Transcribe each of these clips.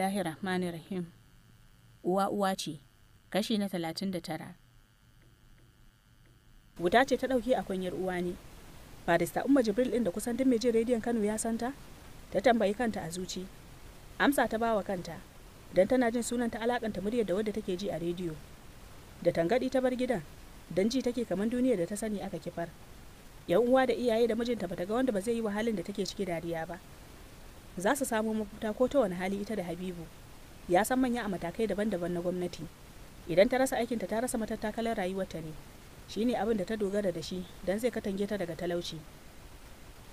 bismillahir rahmani rahim uwa uwa ce kashi na talatin wuta ce ta ɗauki a kunyar uwa ne barista umma jibril ɗin da kusan duk mai jin rediyon kano ya santa ta tambayi kanta a zuci amsa ta bawa kanta dan tana jin sunan ta alakanta muryar da wadda take ji a rediyo da tangaɗi ta bar gidan dan ji take kaman duniyar da ta sani aka kifar yan uwa da iyaye da mijinta bata ga wanda ba zai yi wahalin da take ciki dariya ba za su samo mafita ko ta wani hali ita da habibu ya san manya a matakai daban-daban na gwamnati idan ta rasa aikinta ta rasa matattakalar rayuwarta ne Shi ne abin da ta dogara da shi don zai katange ta daga talauci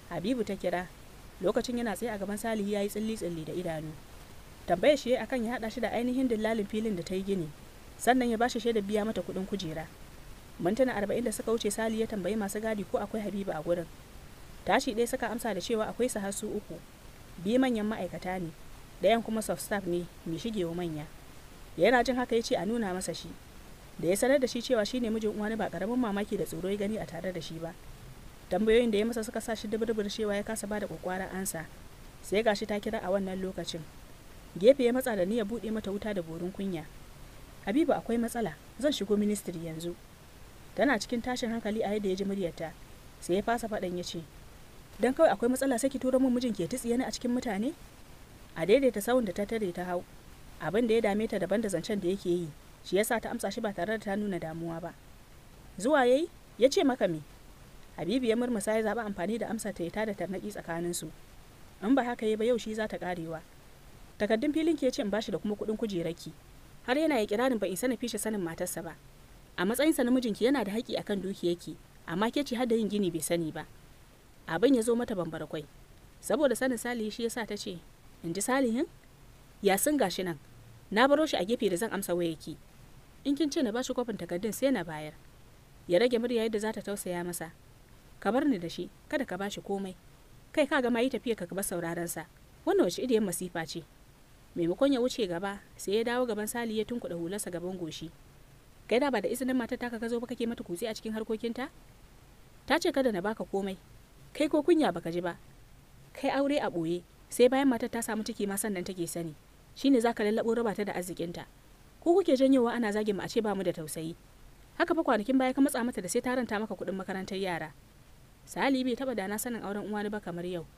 habibu ta kira lokacin yana tsaye a gaban salihu ya yi tsilli-tsilli da idanu tambayar shi akan ya haɗa shi da ainihin dillalin filin da ta yi gini sannan ya bashi shaidar biya mata kuɗin kujera mintuna arba'in da suka wuce sali ya tambayi masu gadi ko akwai habibu a gurin tashi ɗaya suka amsa da cewa akwai su uku biyu manyan ma'aikata ne ɗayan kuma soft staff ne mai wa manya yana jin haka ya ce a nuna masa shi da ya sanar da shi cewa shi ne mijin uwa uwani ba karamin mamaki da tsoro ya gani a tare da shi ba tambayoyin da ya masa suka sa shi duburbur cewa ya kasa bada kokwara ansa sai gashi ta kira a wannan lokacin gefe ya matsa da ni ya buɗe mata wuta da borin kunya habibu akwai matsala zan shigo ministry yanzu tana cikin tashin hankali a yadda ya ji muryarta sai ya fasa faɗan ya ce don kawai akwai matsala sai ki turo min mijin ke tsiye ni a cikin mutane a daidaita sawun da ta tare ta hau abin da ya dame ta daban da zancen da yake yi shi yasa ta amsa shi ba tare da ta nuna damuwa ba zuwa yayi ya ce maka me habibu ya murmusa ya zaɓi amfani da amsa ta ya da tarnaƙi tsakaninsu in ba haka yi ba yau shi za ta karewa. takardun filin ke ce in bashi da kuma kuɗin kujeraki. har yana ikirarin ba in na fishe sanin matarsa ba a matsayinsa na mijinki yana da haƙƙi akan dukiyarki amma ke ce har da yin gini bai sani ba abin ya zo mata bambara kwai saboda sanin salihi shi yasa ta ce in ji salihin ya sun gashi nan na baro shi a gefe da zan amsa ki in kin ce na bashi kofin takardun sai na bayar ya rage murya yadda za ta tausaya masa ka bar ni da shi kada ka bashi komai kai ka ga yi tafiya ka bar sauraron sa wannan wace idiyan masifa ce maimakon ya wuce gaba sai ya dawo gaban sali ya tunkuɗa hularsa gaban goshi kai da ba da izinin matar ta ka zo ba kake mata kutse a cikin harkokinta ta ce kada na baka komai kai ko kunya baka ji ba kai aure a boye sai bayan matar ta samu ciki ma sannan take sani shine zaka lallabo raba ta da arzikinta ko kuke janyowa ana zage mu a ce ba mu da tausayi haka fa kwanakin baya ka matsa mata da sai ta ranta maka kuɗin makarantar yara Sali bai taba dana sanin auren uwa uwani ba kamar yau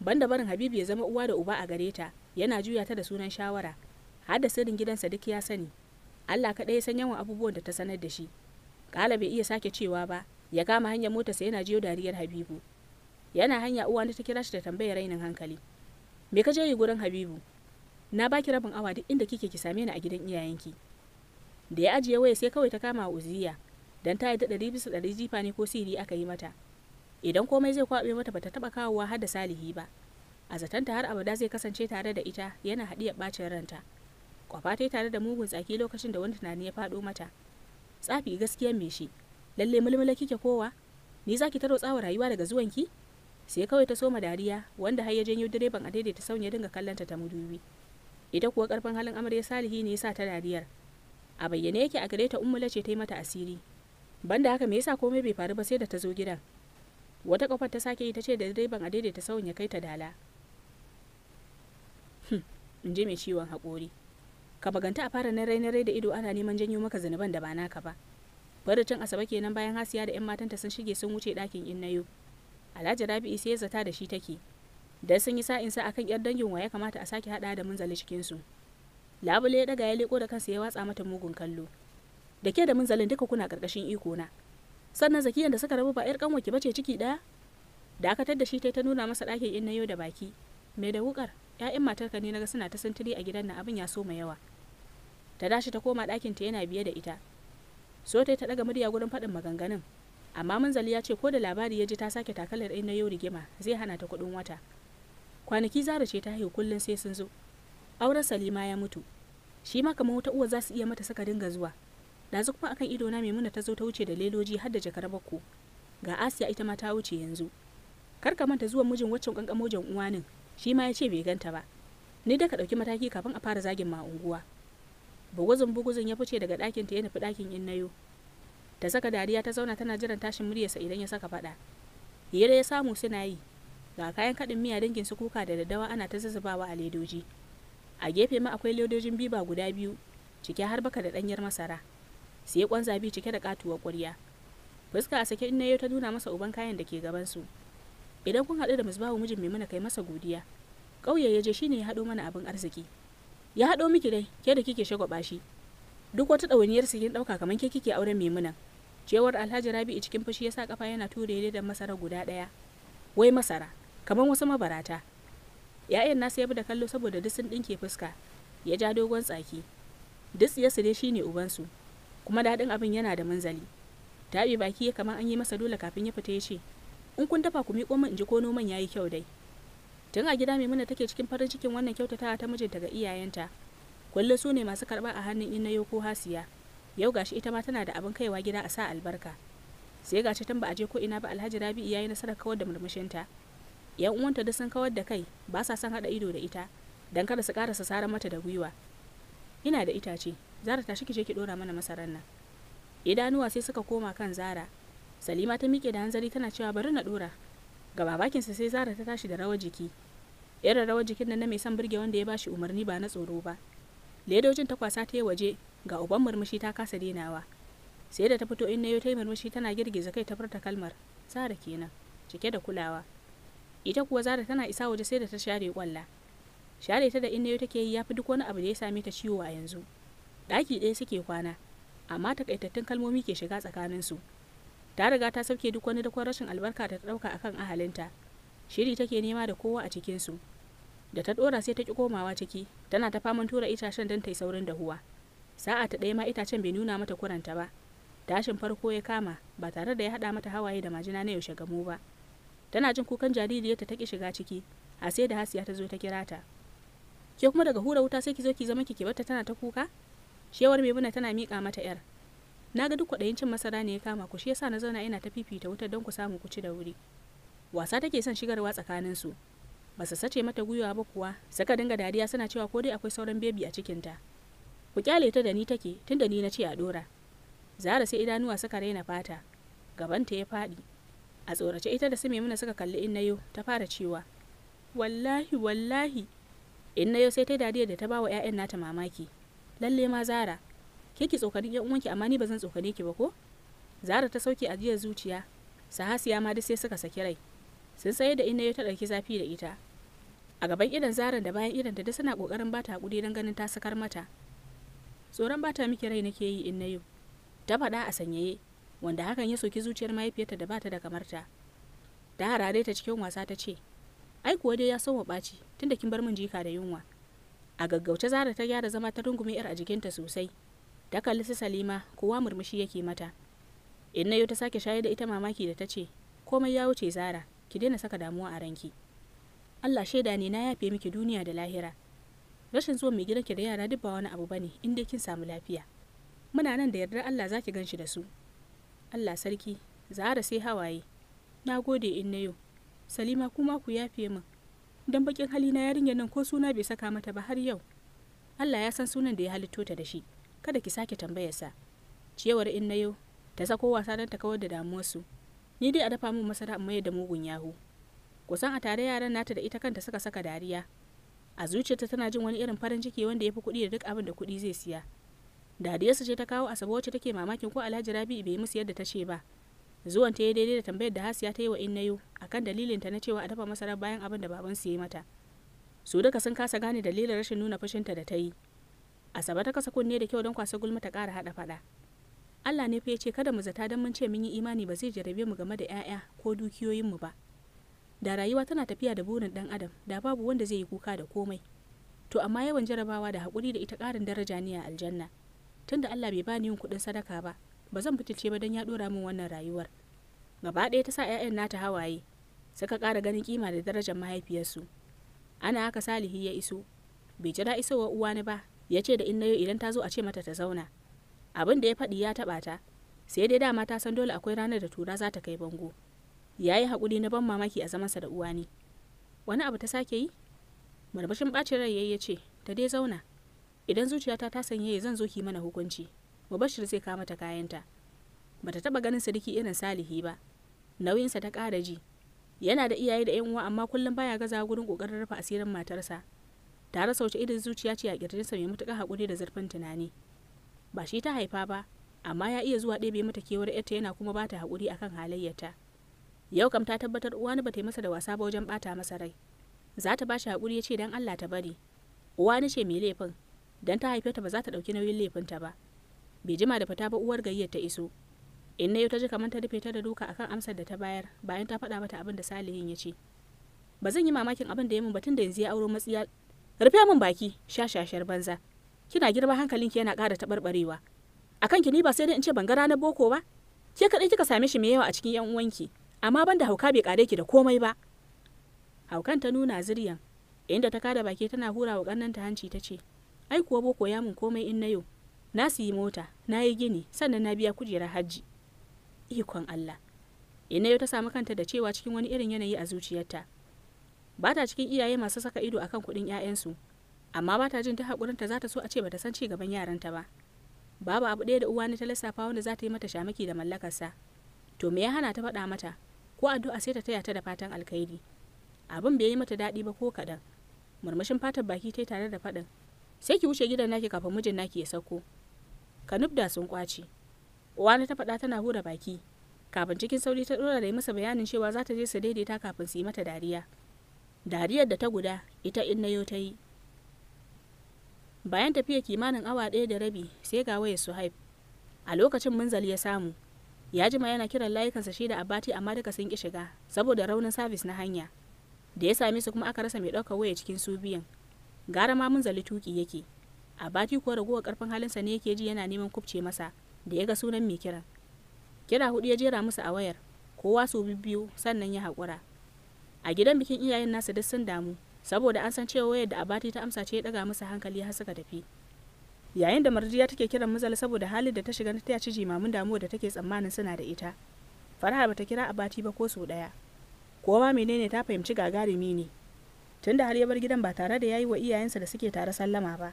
banda barin Habibu ya zama uwa da uba a gare ta yana juya ta da sunan shawara har da sirrin gidansa duk ya sani Allah kaɗai ya san yawan abubuwan da ta sanar da shi Kala bai iya sake cewa ba ya kama hanyar motarsa yana jiyo dariyar Habibu yana hanya uwa ta kira shi da tambayar rainin hankali me ka je yi gurin habibu na baki rabin awa duk inda kike ki same ni a gidan iyayenki da ya ajiye waya sai kawai ta kama wa uziya dan ta yi da ɗari bisa ɗari jifa ne ko siri aka yi mata idan komai zai kwaɓe mata bata taɓa kawowa har da salihi ba a zatanta har abada zai kasance tare da ita yana ya ɓacin ranta kwafa ta tare da mugun tsaki lokacin da wani tunani ya faɗo mata tsafi gaskiya me shi lalle mulmula kike kowa ni zaki taro tsawa rayuwa daga zuwanki sai kawai ta soma dariya wanda har ya janyo direban a daidaita saun ya dinga kallanta ta mudubi ita kuwa karfin halin amarya salihi ne yasa ta dariyar a bayyane yake a gare ta ummula ce ta yi mata asiri banda haka me yasa komai bai faru ba sai da ta zo gidan wata kafar ta sake yi ta ce da direban a daidaita saun ya kai ta dala hmm, in ji mai ciwon haƙori ka baganta a fara na rai da ido ana neman janyo maka zanuban da ba naka ba faricin asabe kenan bayan hasiya da 'yan matanta sun shige sun wuce ɗakin in na alhaji Rabi'u sai zata da shi take da sun yi sa'in sa akan yar dangin wa kamata a sake hada da munzali cikin su labule ya daga ya leko da kansa ya watsa mata mugun kallo da ke da munzalin duka kuna karkashin iko na sannan zakiyan da suka rabu ba yar kanwa ba bace ciki daya dakatar da shi ta nuna masa ɗakin in nayo da baki mai da wukar ‘ya'yan ka ne naga suna ta sintiri a gidan nan abin ya so mai yawa ta dashi ta koma ɗakin ta yana biye da ita so ta daga murya gurin faɗin maganganun amma munzali ya ce ko da labari ya ji ta sake takalar na yau rigima zai hana ta kuɗin wata kwanaki zara ce ta haihu kullum sai sun zo auren salima ya mutu shi ma kamar wata uwa za su iya mata saka dinga zuwa ɗazu kuma akan ido na maimuna ta zo ta wuce da leloji har da jakar bakko ga asiya ita ma ta wuce yanzu kar ka manta zuwa mijin waccan kankamojin uwanin shi ma ya ce bai ganta ba ni da ka ɗauki mataki kafin a fara zagin ma unguwa buguzon-buguzon ya fice daga ɗakin ta ya nufi ɗakin in nayo ta saka dariya ta zauna tana jiran tashin muryarsa idan ya saka faɗa hira ya samu suna yi ga kayan kaɗin miya dangin su kuka da daddawa ana ta zazzubawa a ledoji a gefe ma akwai ledojin biba guda biyu cike har baka da ɗanyar masara sai kwan zabi cike da katuwar ƙwarya fuska a sake in ta nuna masa uban kayan da ke gaban su idan kun haɗu da musbahu mijin mai mana kai masa godiya ƙauye ya je shine ya haɗo mana abin arziki ya haɗo miki dai ke da kike shagwaba shi duk wata ɗawainiyar su kin ɗauka kamar ke kike auren maimunan cewar alhaji rabi'u cikin fushi ya sa kafa yana ture da masara guda ɗaya wai masara kamar wasu mabarata ya'yan nasu ya bi da kallo saboda duk sun ɗinke fuska ya ja dogon tsaki duk ya shi ne ubansu kuma daɗin abin yana da munzali taɓe baki ya kamar an yi masa dole kafin ya fita ya ce in kun dafa ku miƙo min in ji ko noman ya yi kyau dai tun a gida maimuna take cikin farin cikin wannan kyautatawa ta mijinta ga iyayenta kullum su ne masu karɓa a hannun inayo ko hasiya yau gashi ita ma tana da abin kaiwa gida a sa albarka sai gashi tun ba a je ko ina ba alhaji rabi ya yi nasarar kawar da murmushinta yan uwanta duk sun kawar da kai ba sa son haɗa ido da ita dan kada su karasa sara mata da gwiwa ina da itace zara ta shike je ki ɗora mana masarar nan idanuwa sai suka koma kan zara salima ta miƙe da hanzari tana cewa bari na ɗora ga sa sai zara ta tashi da rawar jiki irin rawar jikin nan na mai son burge wanda ya bashi umarni ba na tsoro ba ledojin takwasa ta yi waje ga uban murmushi ta kasa dinawa. sai da ta fito in nayo ta yi murmushi tana girgiza kai ta furta kalmar zara kenan cike da kulawa ita kuwa zara tana isa waje sai da ta share kwalla share ta da in nayo take yi yafi duk wani abu da ya same ta ciwo a yanzu Daki ɗaya suke kwana amma takaitattun kalmomi ke shiga tsakaninsu ta riga ta sauke duk wani dakon rashin albarka da ta ɗauka akan ahalinta shiri take nema da kowa a cikinsu da ta dora sai ta ki komawa ciki tana ta faman tura itacen don ta yi saurin dahuwa sa'a ta ɗaya ma itacen bai nuna mata kuranta ba tashin farko ya kama ba tare da ya haɗa mata hawaye da majina na yaushe gamo ba tana jin kukan jaririyarta ta ki shiga ciki a sai da hasiya ta zo ta kira ta ke kuma daga hura wuta sai ki zo ki zama ki barta tana ta kuka shewar maimuna tana miƙa mata yar na ga duk kwaɗayin cin masara ne ya kama ku shi yasa na zauna ina ta fifita wutar don ku samu ku ci da wuri wasa take son shigarwa tsakaninsu ba su sace mata gwiwa ba kuwa Saka dinga dariya suna cewa ko dai akwai sauran bebi a cikinta ku kyale ta da ni take tun da ni na ce a dora zara sai idanuwa suka raina fata Gaban ta ya faɗi a tsorace ita da su maimuna suka kalli nayo ta fara cewa wallahi wallahi nayo sai ta dariya da ta bawa 'ya'yan nata mamaki lalle ma zara ke ki tsokanin yan uwanki amma ni ba zan tsokane ki ba ko zara ta sauke ajiyar zuciya sahasiya ma duk sai suka saki rai sun sayar da Inayo ta ɗauki zafi da ita a gaban idan zaran da bayan idan da suna kokarin bata hakuri don ganin ta sakar mata tsoron bata miki rai nake yi in na ta faɗa a sanyaye wanda hakan ya soki zuciyar mahaifiyarta da bata da kamarta Ta harare ta cikin wasa ta ce ai kuwa dai ya so wa ɓaci tunda kin bar min jika da yunwa a gaggauce zara ta gyara zama ta rungume yar a jikinta sosai ta kalli su salima kowa murmushi yake mata in na ta sake shayar da ita mamaki da ta ce komai ya wuce zara ki daina saka damuwa a ranki Allah shaida ne na yafe miki duniya da lahira rashin zuwa mai gidanki da yara duk ba wani abu bane in dai kin samu lafiya muna nan da yardar Allah zaki ganshi da su Allah sarki Zahara sai hawaye na gode in na yau Salima kuma ku yafe min dan bakin hali na yarinya nan ko suna bai saka mata ba har yau Allah ya san sunan da ya halitto ta da shi kada ki sake tambayarsa Ciyawar in na yau ta sako wasa don ta kawar da damuwarsu ni dai a dafa min masara in amma da mugun yahoo kusan a tare yaran nata da ita kanta suka saka dariya a zuciyarta tana jin wani irin farin ciki wanda ya fi kuɗi da duk abin da kuɗi zai siya dariyarsa ce ta kawo asabe wacce take mamakin ko alhaji Rabi bai musu yadda ta ce ba zuwan ta yi daidai da tambayar da hasiya ta yi wa innayo akan dalilin ta na cewa a dafa masarar bayan abin da babansu ya yi mata su duka sun kasa gane dalilin rashin nuna fushinta da ta yi asabe ta kasa kunne da kyau don kwasa gulma ta ƙara haɗa faɗa Allah ne fa ya ce kada mu zata don mun ce mun yi imani ba zai jarabe mu game da 'ya'ya ko dukiyoyinmu ba da rayuwa tana tafiya da burin dan adam da babu wanda zai yi kuka da komai to amma yawan jarabawa da haƙuri da ita ƙarin daraja ne a aljanna tunda Allah bai bani yin kuɗin sadaka ba ba zan fitilce ba don ya ɗora min wannan rayuwar gaba ɗaya ta sa 'ya'yan nata hawaye suka kara ganin kima da darajar mahaifiyarsu ana haka salihi ya iso bai jira uwa ni ba ya ce da inna nayo idan ta zo a ce mata ta zauna abin da ya faɗi ya taɓa ta sai dai dama ta san dole akwai ranar da tura za ta kai bango ya yi haƙuri na ban mamaki a zamansa da uwa ne wani abu ta sake yi marbashin ɓacin rai ya ce ta dai zauna idan zuciyata ta ya zan zo ki mana hukunci mubashir zai kama ta kayanta bata taɓa ganin sadiki irin salihi ba nauyinsa ta ƙara ji yana da iyaye da yan uwa amma kullum baya gaza gurin ƙoƙarin rufe asirin matarsa Ta rasa sauce irin zuciya ce a kirjinsa mai matuƙar haƙuri da zurfin tunani ba shi ta haifa ba amma ya iya zuwa ɗebe mata kewar yarta yana kuma bata haƙuri akan halayyarta yau kam ta tabbatar uwani ba ta masa da wasa ba wajen bata masa rai za ta bashi hakuri ya ce dan Allah ta bari uwa uwani ce mai laifin dan ta haife ta ba za ta dauki nauyin laifin ta ba bai jima da fita ba uwar gayyar ta iso in na yau ta ji kamar ta rufe ta da duka akan amsar da ta bayar bayan ta faɗa mata abin da salihin ya ce ba zan yi mamakin abin da ya mun batun da yanzu ya auro matsiya rufe min baki shashashar banza kina girma ki yana ƙara taɓarɓarewa akan ki ni ba sai dai in ce ban ga ranar boko ba ke kaɗai kika same shi mai yawa a cikin yan uwanki amma ban da hauka bai kare ki da komai ba haukan ta nuna ziryan inda ta kada baki tana hura wa ta hanci ta ce ai kuwa boko ya mun komai in na yau na siyi mota na yi gini sannan na biya kujerar hajji ikon allah ina yau ta samu kanta da cewa cikin wani irin yanayi a zuciyarta ba ta cikin iyaye masu saka ido akan kuɗin 'ya'yansu amma ba ta jin ta haƙurinta za ta so a ce ba ta san ci gaban yaranta ba babu abu ɗaya da uwa ta lissafa wanda za ta yi mata shamaki da mallakarsa to me ya hana ta faɗa mata ko addu'a sai ta taya ta da fatan alkhairi abin bai yi mata daɗi ba ko kaɗan murmushin fatar baki ta tare da faɗin sai ki wuce gidan naki kafin mijin naki ya sauko Kanubda da sun kwace uwana ta faɗa tana hura baki kafin cikin sauri ta ɗora da yi masa bayanin cewa za ta je su daidaita kafin su yi mata dariya dariyar da ta guda ita in na ta yi bayan tafiya kimanin awa ɗaya da rabi sai ga wayar haif. a lokacin munzali ya samu ya jima yana kiran layukansa shi da abati amma duka sun ki shiga saboda raunin sabis na hanya da ya same su kuma aka rasa mai ɗaukar waya cikin su biyan gara ma mun zali tuki yake abati kuwa ragowar karfin halinsa ne yake ji yana neman kubce masa da ya ga sunan mai kiran kira hudu ya jera musu a wayar kowa su biyu sannan ya haƙura a gidan bikin iyayen nasu duk sun damu saboda an san cewa wayar da abati ta amsa ce ya daga musu hankali har suka tafi yayin da marjiya take kiran muzal saboda halin da ta shiga ta ci jimamin damuwa da take tsammanin suna da ita faraha bata kira abati ba ko su daya kowa menene ta fahimci gagarumi ne tunda har ya bar gidan ba tare da yayi wa iyayensa da suke tare sallama ba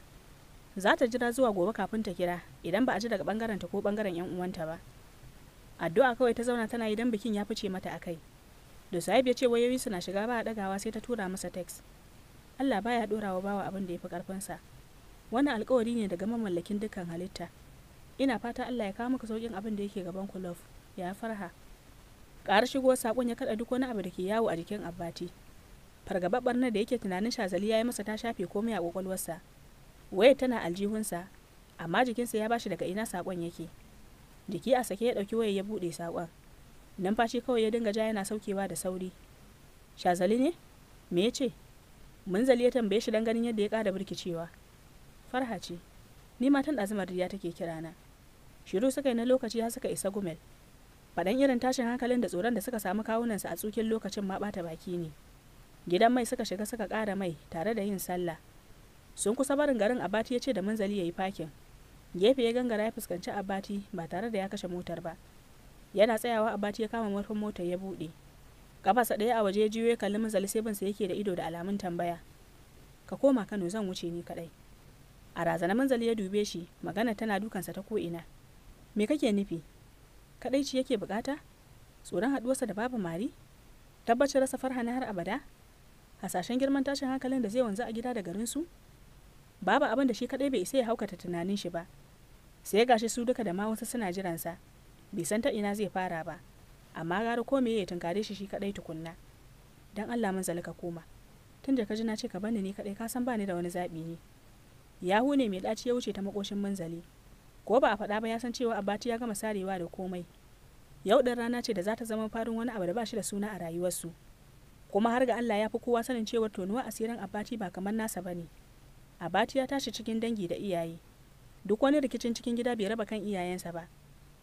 za ta jira zuwa gobe kafin ta kira idan ba a ji daga bangaren ta ko bangaren yan uwanta ba addu'a kawai ta zauna tana idan bikin ya fice mata akai da sahib ya ce wayoyi suna shiga ba a dagawa sai ta tura masa text Allah baya dorawa bawa abin da ya fi karfinsa. sa Wani alkawari ne daga mamallakin dukkan halitta ina fata allah ya kawo maka saukin abin da yake gaban ku love ya farha ƙara shigo sakon ya kaɗa duk wani abu da ke yawo a jikin abbati fargabar na da yake tunanin shazali ya yi masa ta shafe komai a kwakwalwarsa waya tana aljihunsa amma jikinsa ya bashi daga ina sakon yake jiki a sake ya ɗauki waya ya buɗe sakon numfashi kawai ya dinga ja yana saukewa da sauri shazali ne me ya ce Mun zali ya tambaye shi don ganin yadda ya ƙara birkicewa farha ce ni matan azumar riya take kira na shiru suka yi na lokaci har suka isa gumel faɗan irin tashin hankalin da tsoron da suka samu kawunansa a tsukin lokacin ma bata baki ne gidan mai suka shiga suka ƙara mai tare da yin sallah sun kusa barin garin abati ya ce da manzali ya yi fakin gefe ya gangara ya fuskanci abati ba tare da ya kashe motar ba yana tsayawa abati ya kama murfin motar ya buɗe kafasa ɗaya a waje ya jiyo ya kalli manzali sai bansa yake da ido da alamun tambaya ka koma kano zan wuce ni kaɗai a razana manzali ya dube shi magana tana dukansa ta ko'ina me kake nufi ci yake bukata tsoron haduwarsa da babu mari tabbacin rasa farha har abada hasashen girman tashin hankalin da zai wanzu a gida da garinsu babu abin da shi kadai bai isa ya haukata tunanin shi ba sai gashi su duka da ma wasu suna jiransa bai san ta ina zai fara ba amma gara ko meye ya tunkare shi shi kadai tukunna dan Allah mun ka koma tun da ka ji na ce ka bani ni kadai ka san bani da wani zabi ne yahu ne mai ɗaci ya wuce ta makoshin manzali ko ba a faɗa ba ya san cewa abati ya gama sarewa da komai yau ɗin rana ce da za ta zama farin wani abu da ba shi da suna a rayuwarsu kuma har ga Allah ya fi kowa sanin cewar tonuwa asirin abati ba kamar nasa ba ne abati ya tashi cikin dangi da iyaye duk wani rikicin cikin gida bai raba kan iyayensa ba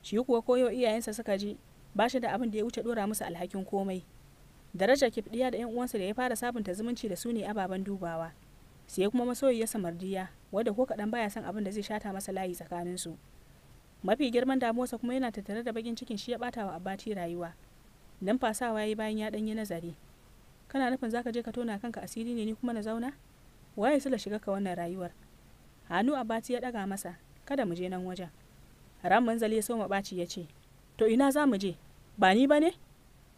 shi kuwa koyo iyayensa suka ji ba shi da abin da ya wuce dora musu alhakin komai daraja kifdiya da yan uwansa da ya fara sabunta zumunci da su ne ababen dubawa sai kuma ya samardiya wadda ko kaɗan baya son abin da zai shata masa layi tsakaninsu mafi girman damuwarsa kuma yana tattare da bakin cikin shi ya ɓata wa abati rayuwa numfasawa ya yi bayan ya yi nazari kana nufin zaka je ka tona kanka asiri ne ni kuma na zauna waye sula shiga ka wannan rayuwar hannu abati ya daga masa kada mu je nan wajen ran manzali ya soma ɓaci ya ce to ina za mu je ba ni ba ne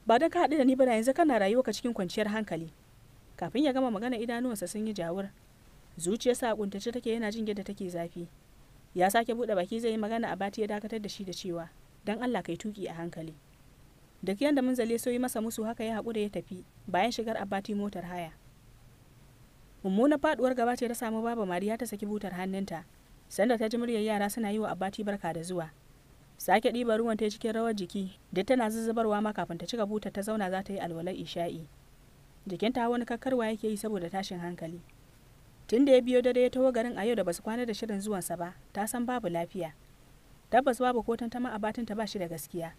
ba don ka haɗu da ni ba yanzu kana rayuwa ka cikin kwanciyar hankali kafin ya gama magana idanuwansa sun yi jawur zuciyarsa a kuntace take yana jin yadda take zafi ya sake buɗe baki zai yi magana a bati ya dakatar da shi da cewa dan allah kai tuki a hankali duk yadda mun zale soyi masa musu haka ya haƙura ya tafi bayan shigar abati motar haya mummunar faduwar gaba ce ta samu baba mariya ta saki butar hannunta sanda ta ji muryar yara suna yi wa abati barka da zuwa sake ɗiba ruwan ta cikin rawar jiki duk tana zuzzubarwa ma kafin ta cika butar ta zauna za ta yi alwalar isha'i jikinta wani kakkarwa yake yi saboda tashin hankali tun da ya biyo dare ya taho garin a yau da basu kwana da shirin zuwansa ba ta san babu lafiya tabbas babu ko tantama a batin ta ba shi da gaskiya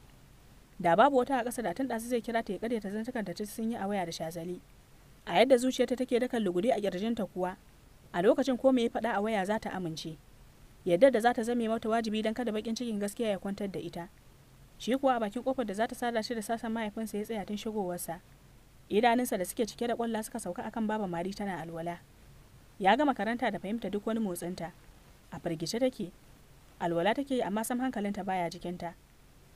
da babu wata a ƙasa da tun ɗazu zai kira ta ya ƙarya ta zantukan ta sun yi a waya da shazali a yadda zuciyarta take dakan Luguri a ƙirjinta kuwa a lokacin ko ya faɗa a waya za ta amince yadda da za ta zame mata wajibi don kada bakin cikin gaskiya ya kwantar da ita shi kuwa a bakin kofar da za ta sada shi da sasan mahaifinsa ya tsaya tun shigowarsa idanunsa da suke cike da ƙwalla suka sauka akan baba mari tana alwala ya gama karanta da fahimta duk wani motsinta a firgice take alwala take amma sam hankalinta baya jikinta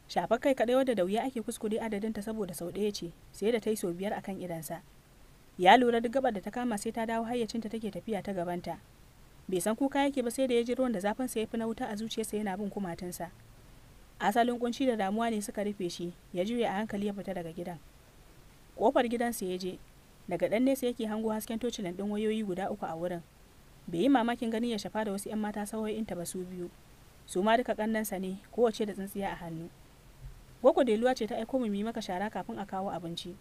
shafar kai kaɗai wadda da wuya ake kuskure adadinta saboda sau ɗaya ce sai da ta yi sau biyar a kan idansa ya lura duk gabar da ta kama sai ta dawo hayyacinta take tafiya ta gabanta bai san kuka yake ba sai da ya ji ruwan da zafin ya fi na wuta a zuciyarsa yana bin kumatunsa asalin kunci da damuwa ne suka rufe shi ya juya a hankali ya fita daga gidan kofar gidansa ya je daga ɗan nesa yake hango hasken tocilan ɗin wayoyi guda uku a wurin bai yi mamakin ganin ya shafa da wasu 'yan mata ta ba su biyu su ma duka sa ne kowace da tsintsiya a hannu gwagwa deluwa ce ta aiko mu mi maka shara kafin a kawo abinci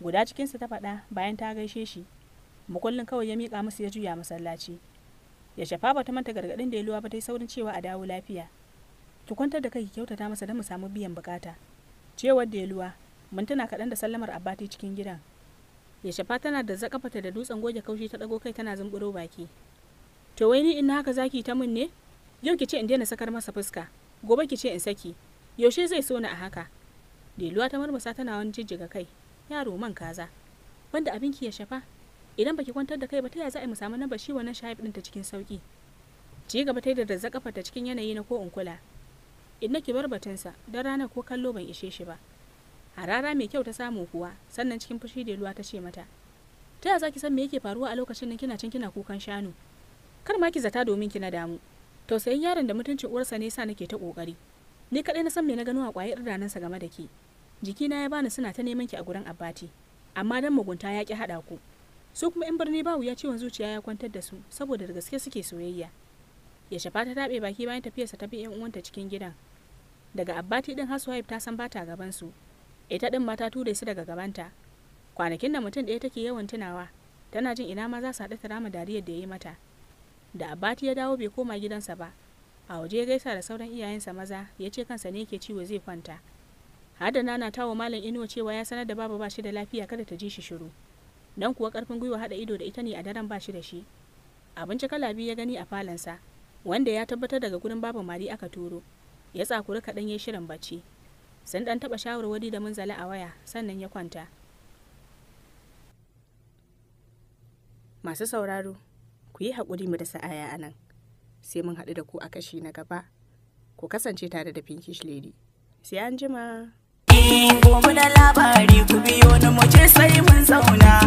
guda cikinsa ta faɗa bayan ta gaishe shi mukullin kawai ya miƙa musu ya juya masallaci ya shafa ba ta manta gargaɗin deluwa ba ta yi saurin cewa a dawo lafiya ki kwantar da kai ki kyautata masa don mu samu biyan bukata cewar deluwa tuna kaɗan da sallamar abati cikin gidan ya shafa tana da zakafata da dutsen goge kaushi ta dago kai tana zumburo baki to wai ni in haka zaki ta min ne yau ki ce in daina sakar masa fuska gobe ki ce in saki yaushe zai so ni a haka deluwa ta marmasa tana wani jijjiga kai yaro man kaza wanda ki ya shafa idan baki kwantar da kai ba ta ya za a mu samu nan shi wannan shahib din ta cikin sauki ci gaba ta da zakafa ta cikin yanayi na ko in kula in ki bar batunsa don ranar ko kallo ban ishe shi ba a rara mai kyau ta samu kuwa sannan cikin fushi da luwa ta ce mata ta yaya zaki san me yake faruwa a lokacin nan kina can kina kukan shanu kar ma ki zata domin ki na damu tausayin yaron da mutuncin uwarsa ne sa nake ta kokari ni kadai na san me na gano a kwayar idanansa game da ke jikina ya bani suna ta neman ki a gurin abbati amma dan mugunta ya ki hada ku su kuma 'yan birni bawu ya ciwon zuciya ya kwantar da su saboda da gaske suke soyayya ya shafa ta taɓe baki bayan tafiyarsa ta bi yan uwanta cikin gidan daga abbati din har ta san bata gaban su ita ɗin ma ta ture su daga gabanta kwanakin da mutum ɗaya take yawan tunawa tana jin ina ma za su haɗu ta rama dariyar da ya yi mata da abati ya dawo bai koma gidansa ba a waje ya gaisa da sauran iyayensa maza ya ce kansa ne yake ciwo zai kwanta Hadana na nana tawo malam inuwa cewa ya sanar da baba ba shi da lafiya kada ta ji shi shiru dan kuwa karfin gwiwa haɗa ido da ita ne a daren ba shi da shi abinci kala biyu ya gani a falansa wanda ya tabbatar daga gurin babu mari aka turo ya tsakuri kaɗan ya shirin bacci sun dan taba shawarwari da munzali a waya sannan ya kwanta masu sauraro ku yi haƙuri mu da sa'aya a nan sai mun haɗu da ku a kashi na gaba ku kasance tare da pinkish lady sai an jima da labari ku biyo ni mu je sai mun zauna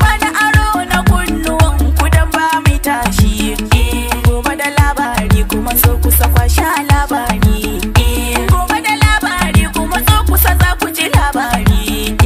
wani aro na kunnuwan ku dan ba mai tashi gobe da labari kuma so ku sakwa sha labari ji labari